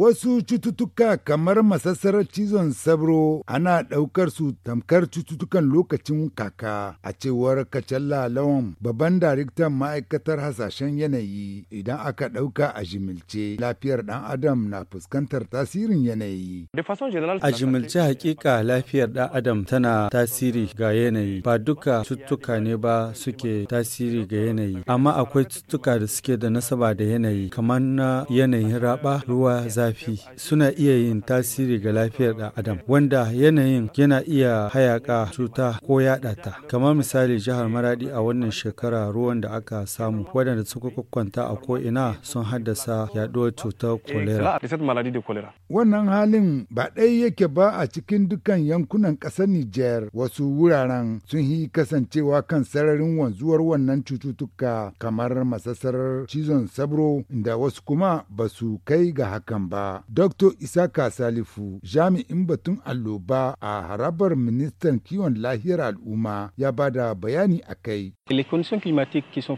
Wasu cututtuka kamar masassarar cizon sabro ana ɗaukar su tamkar cututtukan lokacin kaka a cewar Kacalla Lawan babban daraktan ma'aikatar hasashen yanayi idan aka ɗauka a jimilce lafiyar ɗan adam na fuskantar tasirin yanayi. A jimilce hakika lafiyar ɗan adam tana tasiri ga yanayi ba duka cututtuka ne ba suke tasiri ga yanayi amma akwai cututtuka da suke da nasaba da yanayi kamar na yanayin raba ruwa zafi zafi suna iya yin tasiri ga lafiyar ɗan adam wanda yanayin yana iya hayaka cuta ko yaɗa ta kamar misali jihar maradi a wannan shekara ruwan da aka samu waɗanda suka kwakwanta a ko'ina sun eh, haddasa yaɗuwar cutar kolera wannan halin ba ɗaya yake ba a cikin dukkan yankunan ƙasar nijar wasu wuraren sun yi kasancewa kan sararin wanzuwar wannan cututtuka kamar masassarar cizon sabro da wasu kuma ba su kai ga hakan ba Dr. Isaka Salifu, jami'in batun alloba a harabar ministan kiwon lahiyar al'umma ya ba da bayani a kai.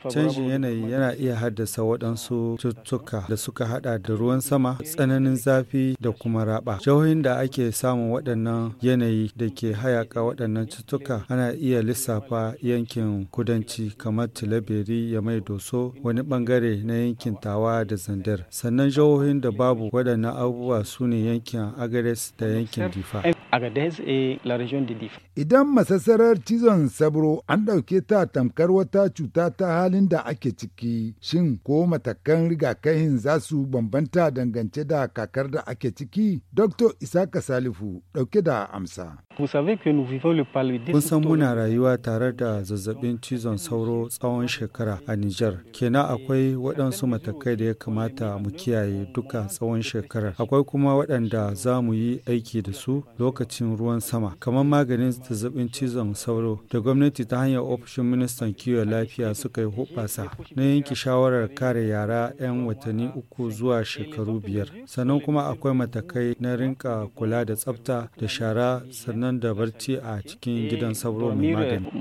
Canjin yanayi yana iya haddasa waɗansu cututtuka da suka hada da ruwan sama, tsananin zafi da kuma raba. Jihohin da ake samun waɗannan yanayi da ke hayaka waɗannan cututtuka ana iya lissafa yankin kudanci kamar Tilaberi, mai Doso, wani bangare na yankin Tawa da Zandar. Sannan jihohin da babu waɗannan waɗannan abubuwa su ne yankin agares da yankin eh, Difa. Idan masassarar cizon sabro an ɗauke ta tamkar wata cuta ta halin da ake ciki, shin ko matakan rigakafin za su bambanta dangance da kakar da ake ciki? Dr. Isaka Salifu ɗauke da amsa. Kun san muna rayuwa tare da zazzabin cizon sauro tsawon shekara a Nijar. kena akwai waɗansu matakai da ya kamata mu kiyaye duka tsawon shekarar. Akwai kuma waɗanda za mu yi aiki da su lokacin ruwan sama, kamar maganin zazzabin cizon sauro da gwamnati ta hanyar ofishin ministan kiwon lafiya suka yi hoɓasa na yanke shawarar kare yara 'yan watanni uku zuwa shekaru biyar. Sannan kuma akwai matakai na rinka kula da tsafta da shara sannan nan da barci a cikin gidan sauro mai magani.